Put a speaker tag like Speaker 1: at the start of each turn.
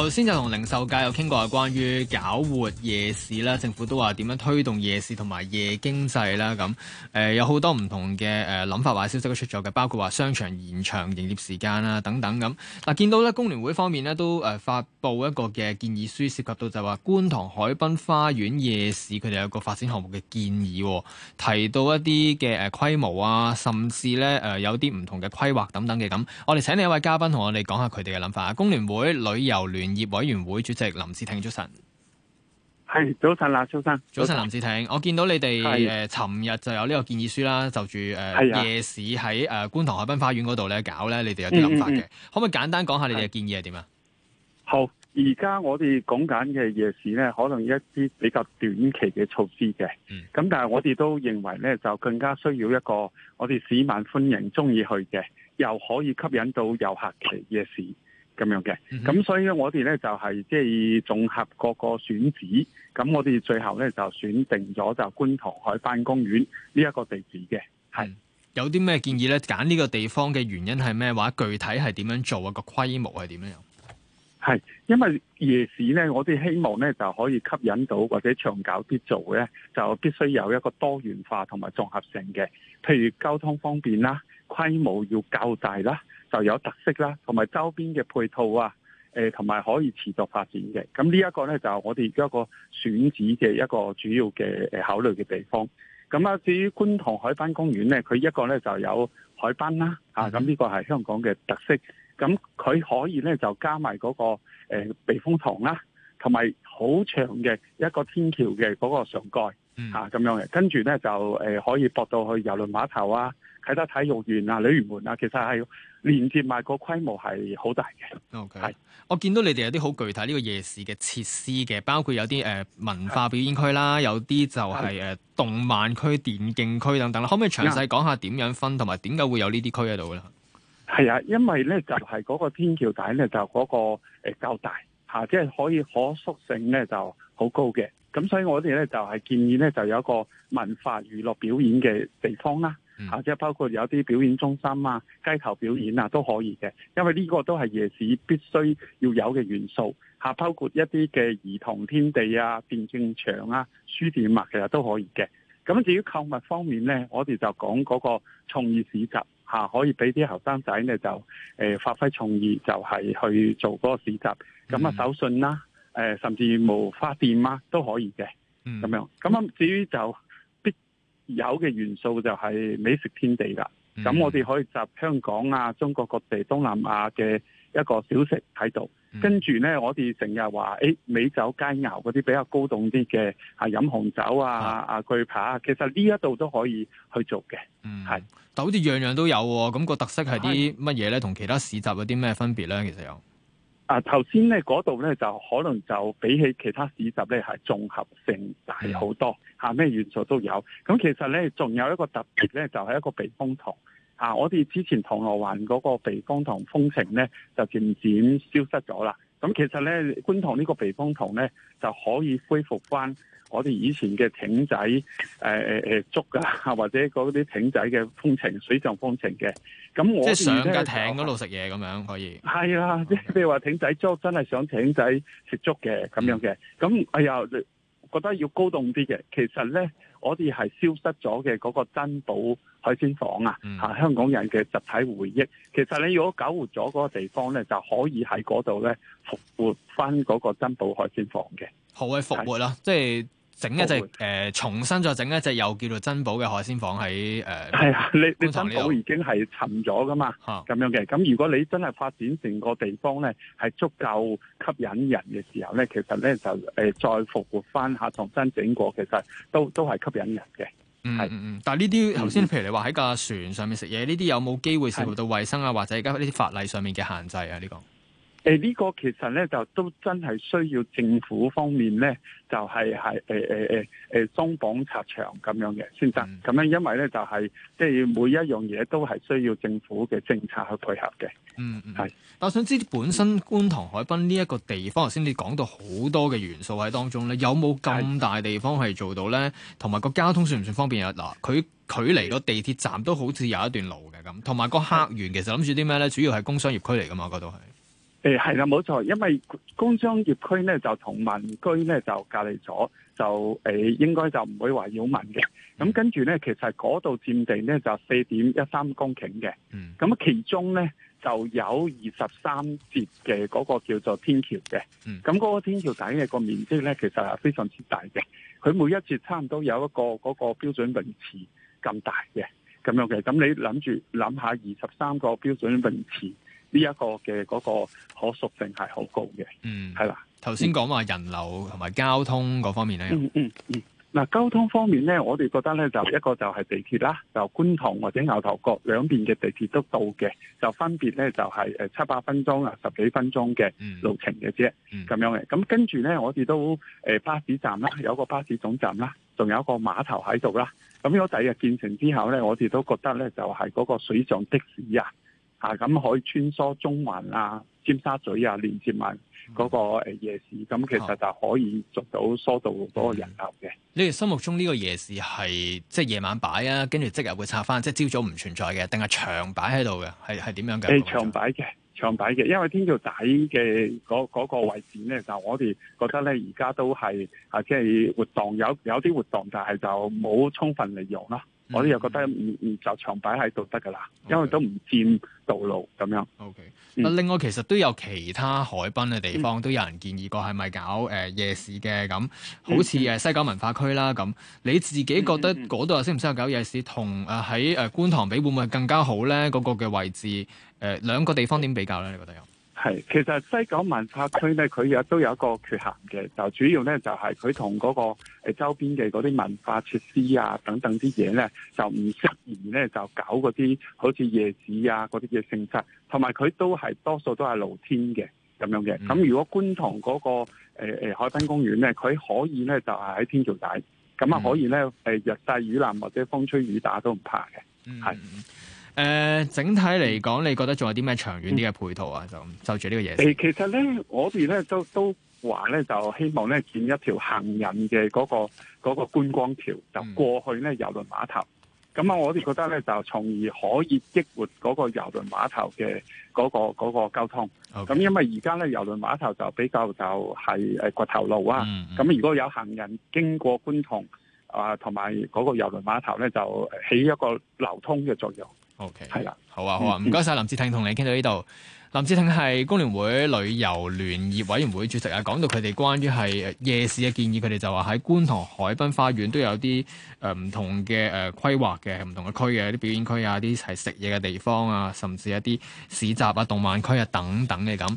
Speaker 1: 頭先就同零售界有傾過，係關於搞活夜市啦，政府都話點樣推動夜市同埋夜經濟啦。咁、嗯、誒有好多唔同嘅誒諗法，或消息都出咗嘅，包括話商場延長營業時間啦等等咁。嗱，見到咧工聯會方面呢都誒發布一個嘅建議書，涉及到就話觀塘海濱花園夜市，佢哋有個發展項目嘅建議，提到一啲嘅誒規模啊，甚至咧誒有啲唔同嘅規劃等等嘅咁、嗯。我哋請另一位嘉賓同我哋講下佢哋嘅諗法啊，工聯會旅遊聯業委員會主席林志挺，早晨，
Speaker 2: 係早晨啦，先生。早晨，早早早林志
Speaker 1: 挺，我見到你哋誒，尋日、呃、就有呢個建議書啦，就住誒、呃、夜市喺誒、呃、觀塘海濱花園嗰度咧搞，咧你哋有啲諗法嘅、嗯，可唔可以簡單講下你哋嘅建議係點啊？
Speaker 2: 好，而家我哋講緊嘅夜市咧，可能有一啲比較短期嘅措施嘅，咁、嗯、但係我哋都認為咧，就更加需要一個我哋市民歡迎、中意去嘅，又可以吸引到遊客嘅夜市。咁樣嘅，咁所以咧，我哋咧就係即係綜合各個選址，咁我哋最後咧就選定咗就觀塘海濱公園呢一個地址嘅，係、嗯、
Speaker 1: 有啲咩建議咧？揀呢個地方嘅原因係咩？或者具體係點樣做啊？個規模係點樣？係
Speaker 2: 因為夜市咧，我哋希望咧就可以吸引到或者長久啲做嘅，就必須有一個多元化同埋綜合性嘅，譬如交通方便啦，規模要較大啦。就有特色啦，同埋周邊嘅配套啊，誒同埋可以持續發展嘅。咁呢一個呢，就我哋一個選址嘅一個主要嘅考慮嘅地方。咁啊，至於觀塘海濱公園呢，佢一個呢就有海濱啦，mm -hmm. 啊咁呢個係香港嘅特色。咁佢可以呢，就加埋嗰個誒避風塘啦，同埋好長嘅一個天橋嘅嗰個上蓋，mm -hmm. 啊咁樣嘅。跟住呢，就誒可以駁到去遊輪碼頭啊。睇得體育園啊、旅園門啊，其實係連接埋個規模係好大嘅。
Speaker 1: OK，我見到你哋有啲好具體呢個夜市嘅設施嘅，包括有啲誒、呃、文化表演區啦，有啲就係、是、誒動漫區、電競區等等啦。可唔可以詳細講下點樣分，同埋點解會有這些區呢啲區喺度咧？
Speaker 2: 係啊，因為咧就係、是、嗰個天橋底咧就嗰、那個誒、呃、較大嚇，即、啊、係、就是、可以可塑性咧就好高嘅。咁所以我哋咧就係、是、建議咧就有一個文化娛樂表演嘅地方啦。或、嗯、者包括有啲表演中心啊、街頭表演啊都可以嘅，因為呢個都係夜市必須要有嘅元素。吓、啊，包括一啲嘅兒童天地啊、電競場啊、書店啊，其實都可以嘅。咁至於購物方面咧，我哋就講嗰個創意市集吓、啊，可以俾啲後生仔咧就誒、呃、發揮創意，就係去做嗰個市集。咁、嗯、啊手信啦、啊，誒、呃、甚至無花店啦都可以嘅，咁、嗯、樣。咁啊至於就。有嘅元素就係美食天地啦，咁我哋可以集香港啊、中國各地、東南亞嘅一個小食喺度，嗯，跟住呢，我哋成日話誒美酒佳餚嗰啲比較高檔啲嘅，係飲紅酒啊、啊巨扒，啊，其實呢一度都可以去做嘅。嗯，係，
Speaker 1: 但好似樣樣都有喎，咁個特色係啲乜嘢呢？同其他市集有啲咩分別呢？其實有。啊，頭先咧
Speaker 2: 嗰度咧就可能就比起其他市集咧係綜合性大好多，下咩元素都有。咁其實咧仲有一個特別咧，就係一個避風塘。啊！我哋之前銅鑼灣嗰個避風塘風情咧，就漸漸消失咗啦。咁其實咧，觀塘呢個避風塘咧，就可以恢復翻我哋以前嘅艇仔誒誒誒粥啊，或者嗰啲艇仔嘅風情、水上風情嘅。咁我即係上架艇嗰度食
Speaker 1: 嘢咁樣可以。
Speaker 2: 係、嗯、啊，即係譬如話艇仔粥真係想艇仔食粥嘅咁樣嘅。咁哎呀，覺得要高檔啲嘅。其實咧，我哋係消失咗嘅嗰個珍寶。海鮮舫啊、嗯、啊，香港人嘅集體回憶。其實你如果搞活咗嗰個地方咧，就可以喺嗰度咧復活翻嗰個珍寶海鮮舫嘅。
Speaker 1: 好嘅復活啦，即係整一隻誒、呃，重新再整一隻又叫做珍寶嘅海鮮舫喺誒。係、呃、啊，你你珍寶已經係
Speaker 2: 沉咗噶嘛？咁、嗯、樣嘅。咁如果你真係發展成個地方咧，係足夠吸引人嘅時候咧，其實咧就誒再復活翻下，重新整過，其實都都係吸引人嘅。
Speaker 1: 嗯嗯嗯，但係呢啲頭先，譬如你話喺架船上面食嘢，呢啲有冇機會涉及到衛生啊？或者而家呢啲法例上面嘅限制啊？呢、這個。
Speaker 2: 誒、欸、呢、這個其實咧就都真係需要政府方面咧，就係係誒誒誒誒鬆綁拆牆咁樣嘅先得，咁、嗯、樣因為咧就係即係每一樣嘢都係需要政府嘅政策去配合嘅。嗯
Speaker 1: 嗯，係。但我想知本身觀塘海濱呢一個地方頭先你講到好多嘅元素喺當中咧，有冇咁大地方係做到咧？同埋個交通算唔算方便啊？嗱、呃，佢距離個地鐵站都好似有一段路嘅咁，同埋個客源其實諗住啲咩咧？主要係工商業區嚟㗎嘛，嗰度係。
Speaker 2: 誒，係啦，冇錯，因為工商業區咧就同民居咧就隔離咗，就誒、呃，應該就唔會話擾民嘅。咁、mm. 跟住咧，其實嗰度佔地咧就四點一三公頃嘅。嗯。咁其中咧就有二十三節嘅嗰個叫做天橋嘅。嗯。咁嗰個天橋底嘅個面積咧，其實係非常之大嘅。佢每一節差唔多有一個嗰、嗰個標準泳池咁大嘅，咁樣嘅。咁你諗住諗下二十三個標準泳池。呢、這、一個嘅嗰個可塑性係好高嘅，嗯，係啦。
Speaker 1: 頭先講話人流同埋交通嗰方面咧，嗯嗯嗯。嗱、嗯嗯啊，交
Speaker 2: 通方面咧，我哋覺得咧就一個就係地鐵啦，就觀塘或者牛頭角兩邊嘅地鐵都到嘅，就分別咧就係、是、誒七八分鐘啊十幾分鐘嘅路程嘅啫，咁、嗯嗯、樣嘅。咁跟住咧，我哋都誒、呃、巴士站啦，有個巴士總站啦，仲有個碼頭喺度啦。咁呢個第日建成之後咧，我哋都覺得咧就係、是、嗰個水上的士啊。啊，咁可以穿梭中環啊、尖沙咀啊，連接埋嗰個誒夜市，咁、嗯、其實就可以做到疏導嗰個人流嘅、嗯。
Speaker 1: 你哋心目中呢個夜市係即係夜晚擺啊，跟住即日會拆翻，即係朝早唔存在嘅，定係長擺喺度嘅？係係點樣嘅？係長擺嘅，
Speaker 2: 長擺嘅。因為天橋底嘅嗰、嗰個嗰個位置咧，就我哋覺得咧，而家都係啊，即係活動有有啲活動，但係就冇充分利用啦。我哋又覺得唔唔就長擺喺度得噶啦，okay. 因為都唔佔道路咁樣。O、
Speaker 1: okay. K，、啊、另外其實都有其他海濱嘅地方、嗯、都有人建議過係咪搞、呃、夜市嘅咁，好似、嗯、西九文化區啦咁。你自己覺得嗰度又適唔適合搞夜市？同誒喺誒觀塘比會唔會更加好咧？嗰、嗰個嘅位置誒、呃、兩個地方點比較咧？你覺得有？
Speaker 2: 係，其實西九文化區咧，佢亦都有一個缺陷嘅，就主要咧就係佢同嗰個誒周邊嘅嗰啲文化設施啊等等啲嘢咧，就唔適宜咧就搞嗰啲好似夜市啊嗰啲嘅性質，同埋佢都係多數都係露天嘅咁樣嘅。咁如果觀塘嗰、那個誒誒、呃、海濱公園咧，佢可以咧就係、是、喺天橋底，咁、嗯、啊可以咧誒日曬雨淋或者風吹雨打都唔怕嘅。
Speaker 1: 係、嗯。誒、呃、整體嚟講，你覺得仲有啲咩長遠啲嘅配套啊、嗯？就就住呢個嘢。誒，
Speaker 2: 其實咧，我哋咧都都話咧，就希望咧建一條行人嘅嗰、那個嗰、那個、觀光橋，就過去咧郵輪碼頭。咁啊，我哋覺得咧就從而可以激活嗰個郵輪碼頭嘅嗰、那個那個那個交通。咁、okay. 因為而家咧郵輪碼頭就比較就係誒掘頭路啊。咁、嗯嗯、如果有行人經過觀塘啊，同埋嗰個郵輪碼頭咧，就起一個流通嘅作用。O K，係
Speaker 1: 啦，好啊，好啊，唔該晒林志挺，同你傾到呢度。林志挺係工聯會旅遊聯業委員會主席啊，講到佢哋關於係夜市嘅建議，佢哋就話喺觀塘海濱花園都有啲誒唔同嘅誒、呃、規劃嘅，唔同嘅區嘅，啲表演區啊，啲係食嘢嘅地方啊，甚至一啲市集啊、動漫區啊等等嘅咁。